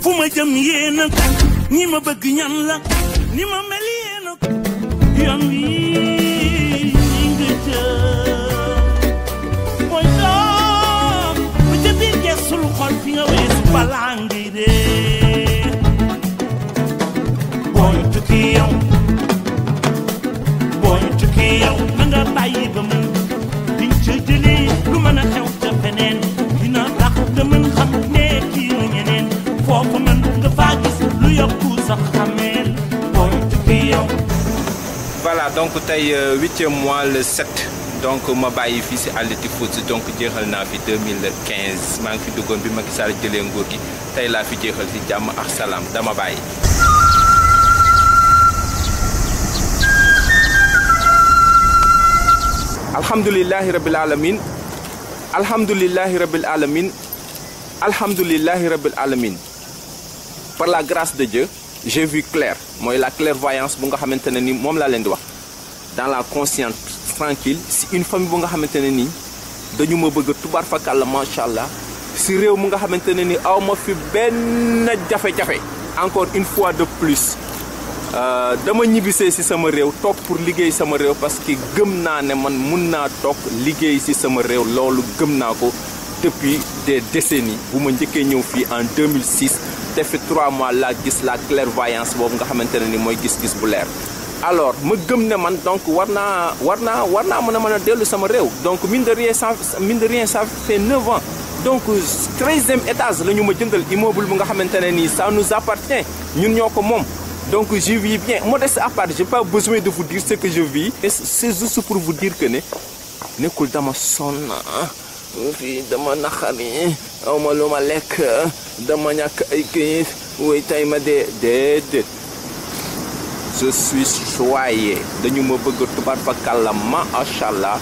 fu ma jëm yéen a ñi ma bëgg ñan la ni ma mel yéen a yoon yi nga jëm mooy doom bu ca biir geesul weesu balaa ngi ree booy tukki yow booy tukki yow na nga bàyyi lu mën sax donc tey euh, huitième mois le sept donc ma bàyyi fii si Atlétique Foot donc jeexal naa fi 2015 maa ngi fi duggoon bi Macky Sall jëlee nguur gi tey laa fi jéexal si jàmm ak salaam dama bàyyi. alhamdulilahi rabil alamin alhamdulilahi rabil alamin par la grâce de Dieu j'ai vu clair mooy la clairvoyance bu nga xamante ne ni moom laa leen di wax dans la conscience tranquille si une famille bu nga xamante ne nii dañu ma bëgg a tubaar fakal la macha allah si réew mu nga xamante ne ni aw ma fi benn jafe-jafe encore une fois de plus euh, dama ñibbisee si sama réew toog pour liggéey sama réew parce que gëm naa ne man mun naa toog liggéey si sama réew loolu gëm naa ko depuis des décennies bu ma njëkkee ñëw fii en 2006 te fi trois mois laa gis la clairvoyance boobu nga xamante ne ni mooy gis-gis bu leer alors ma gëm ne man donc war naa war naa war naa mën a mën a dellu sama réew donc mine de rien ça mine de donc treizième étage la ñu ma jëndal immeuble bu nga xamante ne nii ça nous appartient ñun ñoo ko moom donc je vis bien modeste à part j'ai pas besoin de vous dire ce que je vis et c'est juste pour vous dire que ne nekkul dama sonn fii dama naxari aw ma lu ma lekk dama ñàkk ay këyit wuy tey ma dee déedéet je suis dañu ma bëgg tubaat fa kàlla macha allah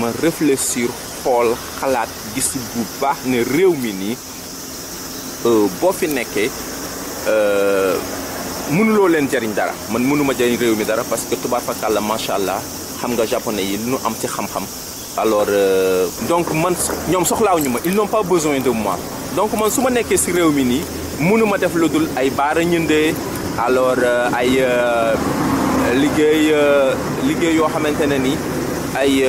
ma réfléchir xool xalaat gis bu baax ne réew mi nii euh, boo fi nekkee euh, mënuloo leen jariñ dara man mënuma jariñ réew mi dara parce que tubaat fa kàlla macha allah xam nga japonais yi lu nu am ci xam-xam. alors euh, donc man ñoom ñu ma ils n'ont pas besoin de moi donc man su ma nekkee si réew mi nii mënuma def lu dul ay baara ñëndee alors euh, ay euh, liggéey euh, liggéey yoo xamante ne ni ay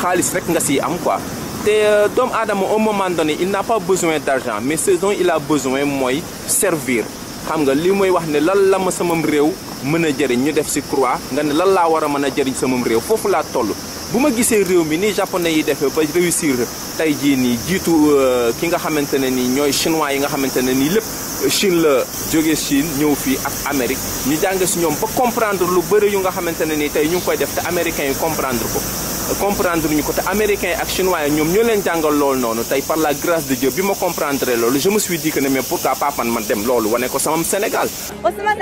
xaalis rek nga siy am quoi te doomu aadama au moment donné il n'a pas besoin d'argent mais ce dont il a besoin mooy servir xam nga li mooy wax ne lan la ma samam réew mën a jëriñ ñu def si croix nga ne lan laa war a mën a jëriñ sama réew foofu laa toll bu ma gisee réew mi ni japonais yi defe ba réussir tey jii nii jiitu euh, ki nga xamante ne ni ñooy chinois yi nga xamante ne ni lépp Chine la jóge Chine ñëw fii ak Amérique ñu jàng si ñoom ba comprendre lu bëri yu nga xamante ne ni tey ñu ngi koy def te américains yi comprendre ko comprendre ñu ko te américains ak chinois yi ñoom ñoo leen jàngal loolu noonu tey par la grâce de Dieu bi ma comprendre loolu je me suis ne mais pourquoi pas man ma dem loolu wane ko sama Sénégal. Ousmane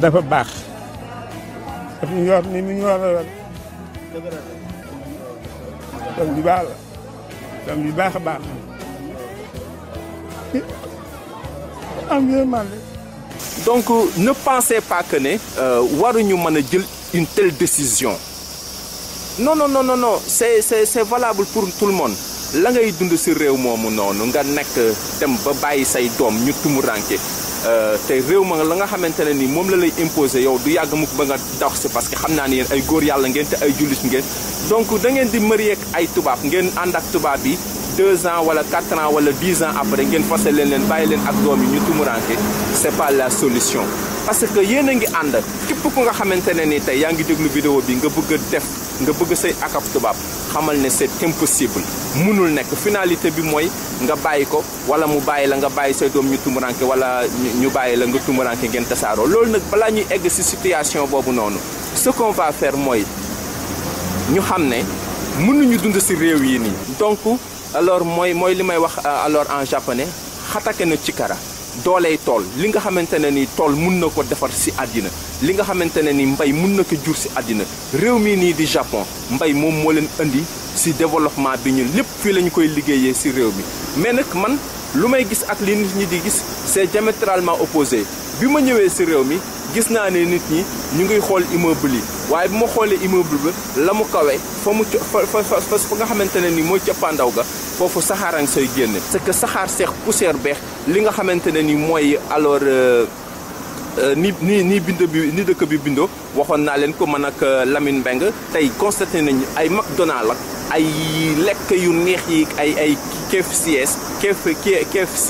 dafa baax. daf ñu yor baax a baax donc ne pensez pas euh, waruñu mën a jël une telle décision no non non non c'est valable pour tout le monde la ngay dund si réew moomu noonu nga nekk dem ba bàyyi say doom ñu tumuranke Euh, te réew ma la nga xamante ne ni moom la lay imposé yow du yàgg mukk ba nga dox si parce que xam naa ni yéen ay góor yàlla ngeen te ay jullit ngeen donc da ngeen di marié ak ay tubaab ngeen ànd ak tubaab bi deux ans wala quatre ans wala dix ans après ngeen fase leen leen bàyyi leen ak doom yi ñu tumuranke c'est pas la solution parce que yéen a ngi ànd képp ko nga xamante ne ni tey yaa ngi déglu vidéo bi nga bëgg def nga bëgg say akab tubaab xamal ne c'est impossible mënul nekk finalité bi mooy nga bàyyi ko wala mu bàyyi la nga bàyyi say doom ñu tumuranke wala ñu bàyyi la nga tumuranke ngeen tasaaroo loolu nag balaa ñuy egg ci situation boobu noonu ce qu'on mooy ñu xam ne mënuñu dund ci réew yi nii donc alors mooy mooy li may wax euh, alors en japonais xatake ci kara dooley tool li nga xamante ne ni tool mun na ko defar si àddina li nga xamante ne ni mbay mun na ko jur si àddina réew mii nii di Japon mbay moom moo leen indi si développement bi ñu lépp fii la ñu koy liggéeyee si réew mi mais nag man lu may gis ak li nit ñi di gis c'est diamétralement opposé bi ma ñëwee si réew mi gis naa ne nit ñi ñu ngi xool immeuble yi waaye bu ma xoolee immeuble ba la mu kawe fa mu fa fa fa nga xamante ne ni mooy cappaandaw ga foofu saxaar a ngi sooy génne que saxaar seex poussière beex li nga xamante ne ni mooy alors euh, euh, ni ni ni bind bi ni dëkk bi bindoo waxoon naa leen ko man ak euh, Lamine Mbengue tey constaté nañ ay McDonald ak ay lekk yu neex yi ay ay KFCs KFC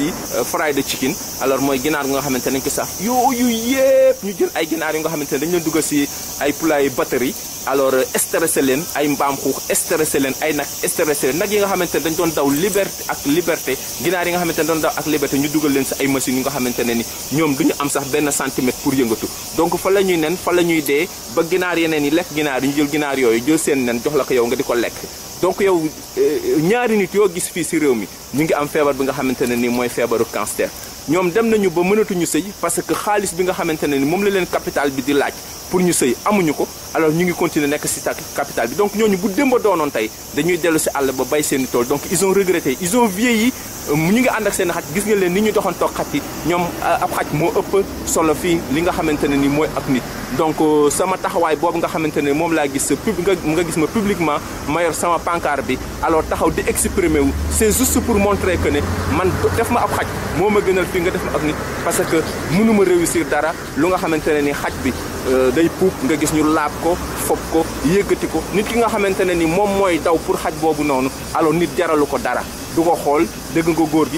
fried chicken alors mooy ginaar yu nga xamante ne dañ ko sax yooyu yëpp ñu jël ay ginaar yu nga xamante ne dañ leen dugal si ay poulailler batterie alors euh, stressé leen ay mbaam xuux stressé leen ay nag stressé leen nag yi nga xamante ne dañ doon daw liberté ak liberté ginaar yi nga xamante ne doon daw ak liberté ñu dugal leen si ay machines yi nga xamante ne ni ñoom du ñu am sax benn centimètre pour yëngatu donc fa la ñuy nen fa la ñuy dee ba ginaar yeneen yi lekk ginaar yi ñu jël ginaar yooyu jël seen nen jox la ko yow nga di ko lekk donc yow euh, euh, ñaari nit yoo gis fii si réew mi ñu ngi am feebar bi nga xamante ne ni mooy feebaru cancer ñoom dem nañu ba mënatuñu sëy parce que xaalis bi nga xamante ne ni moom la leen capital bi di laaj pour ñu sëy amuñu ko alors ñu ngi continuer nekk si capital bi donc ñooñu bu démb doonoon tey dañuy dellu si àll ba bay seen tool donc ils ont regretté ils ont vieilli euh, ñu ngi ànd ak seen xaj gis nga leen ni ñu doxoon toog xaj yi ñoom euh, ab xaj moo ëpp solo fii li nga xamante ne ni mooy ak nit donc euh, sama taxawaay boobu nga xamante ne moom laa gis pub nga gis ma publiquement ma yor sama pancarte bi alors taxaw di exprimer wu c'est juste pour montrer que ne man def ma ab xaj moo ma gënal fii nga def ma ak nit parce que mënuma réussir dara lu nga xamante ne ni xaj bi Euh, day puub nga gis ñu laab ko fob ko yëkkati ko nit ki nga xamante ne ni moom mooy daw pour xaj boobu noonu alors nit jaralu ko dara du ko xool dégg nga góor gi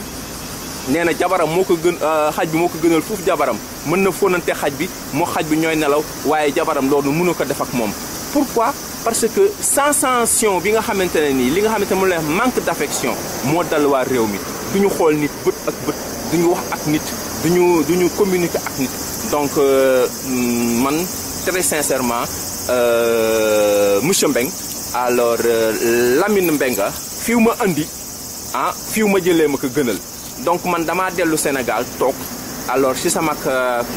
nee na jabaram moo ko gën euh, xaj bi moo ko gënal fuuf jabaram mën na fóonante xaj bi moo xaj bi ñooy nelaw waaye jabaram loolu mënu ko def ak moom pour pourquoi parce que sensation bi nga xamante ne nii li nga xamante mu la manque d'affection moo dal waa réew mi ñu xool nit bët ak bët duñu wax ak nit du ñu du ñu communiquer ak nit donc euh, mm, man très sincèrement euh, monsieur Mbeng alors euh, Lamine Mbenga fiw ma andi ah fiw ma jëlee ma ko gënal donc man damaa dellu Sénégal toog alors ci sama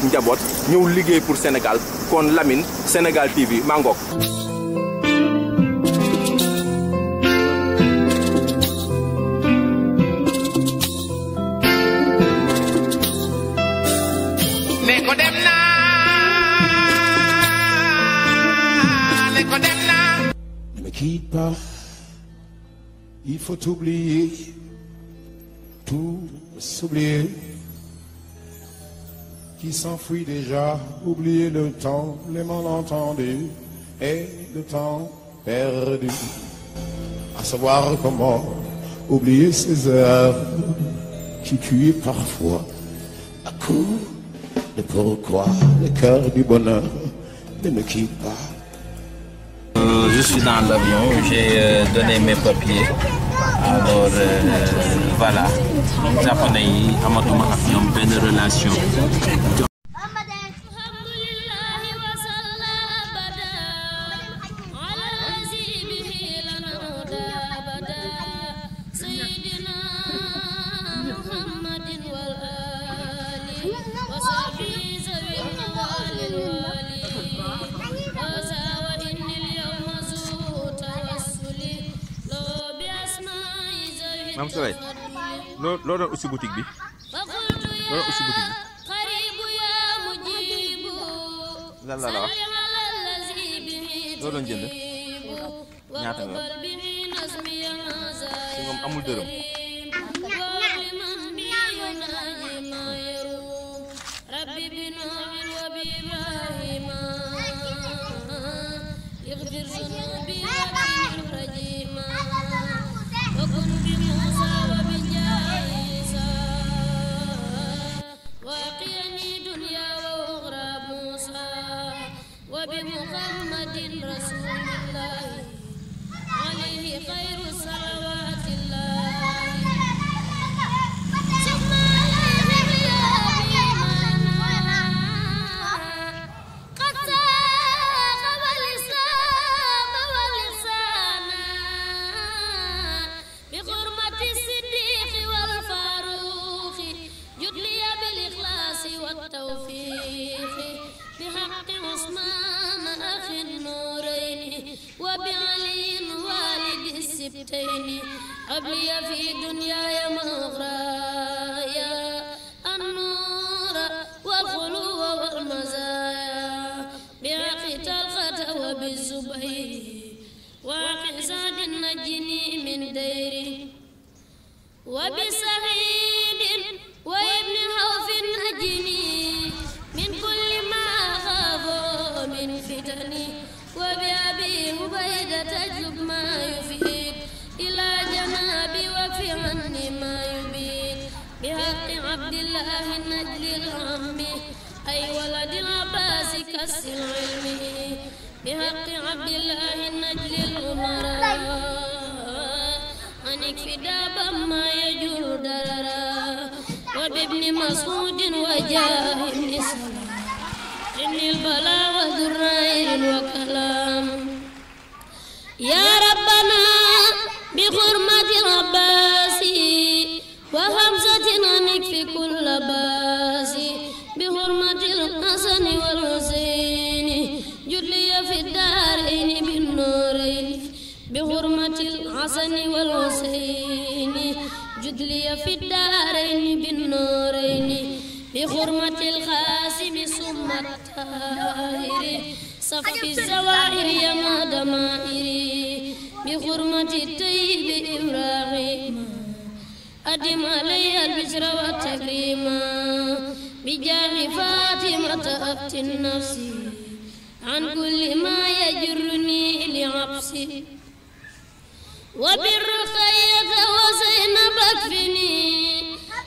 njaboot ñëw liggéey pour Sénégal kon Lamine Sénégal TV maa keeper. Il faut oublier, tout s'oublier. Qui s'enfuit déjà, oublier le temps, les malentendus et le temps perdu. À savoir comment oublier ces heures qui tuent parfois à coup de pourquoi le cœur du bonheur ne me quitte pas. suis dans l'avion, j'ai euh, donné mes papiers. alors euh, voilà japonais yi amatuma ak ñoom benn relation. maam Souley loo loo doon aussi boutique bi loo doon aussi boutique bi lan la la wax loo doon jënd ñaata nga si moom amul dërëm Thank you. ونجني من ديري وبسعيد وابن خوف نجني من كل ما أخاف من فتني وبأبي هبيدة تجلب ما يفيد إلى جنابي وفي عني ما يبيد بحق عبد الله النجل العم أي ولد العباس كسر علمه بحق عبد الله نجل الأمراء أنك فداء ما يجور دررا وبابن مسعود وجاه ابن سلام إن البلاء وذراء وكلام يا الحسن والحسين جدلي في الدارين بالنورين بحرمة القاسم ثم الطاهر صف الزوائر يا مدمائر بحرمة الطيب إبراهيم أدم علي البشر والتكريم بجاه فاطمة أبت النفس عن كل ما يجرني لعبسي وبر خيرك وزينب اكفني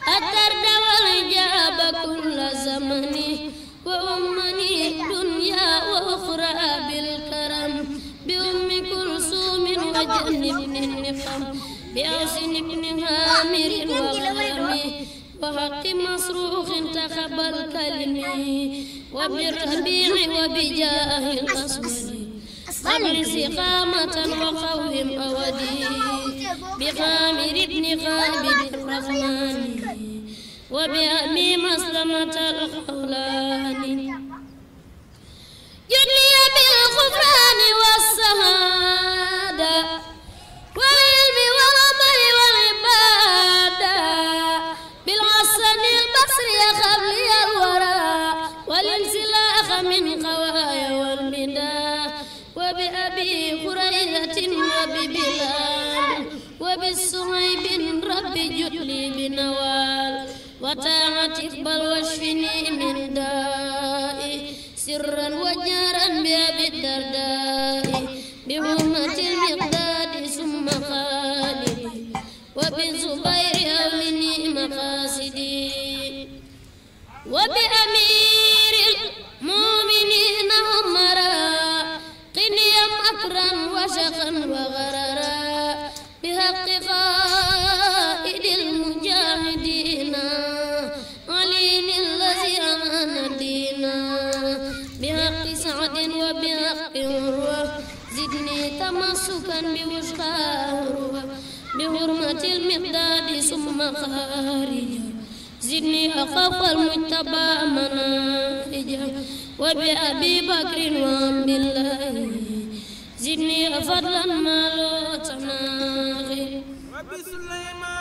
أتر دول جاب كل زمني وأمني الدنيا وأخرى بالكرم بأم كلثوم وجنبني النقم بأوسن ابن عامر وغرمي وحق مصروخ انتخب الكلمي وبالربيع وبجاه الأسود صبر سقامة وقوم أودي بخامر ابن خابر الرحمن وبأمي مسلمة القولان وتاعت اقبل واشفني من دائي سرا وجارا بأبي الدرداء بحرمة المقداد ثم خالدي وبالزبير أولني مقاصدي وبأمين ثم خارجا زدني أخاف المجتبى مناهجا وبأبي بكر وبالله زدني فضلا ما لو تناغي وبسليمان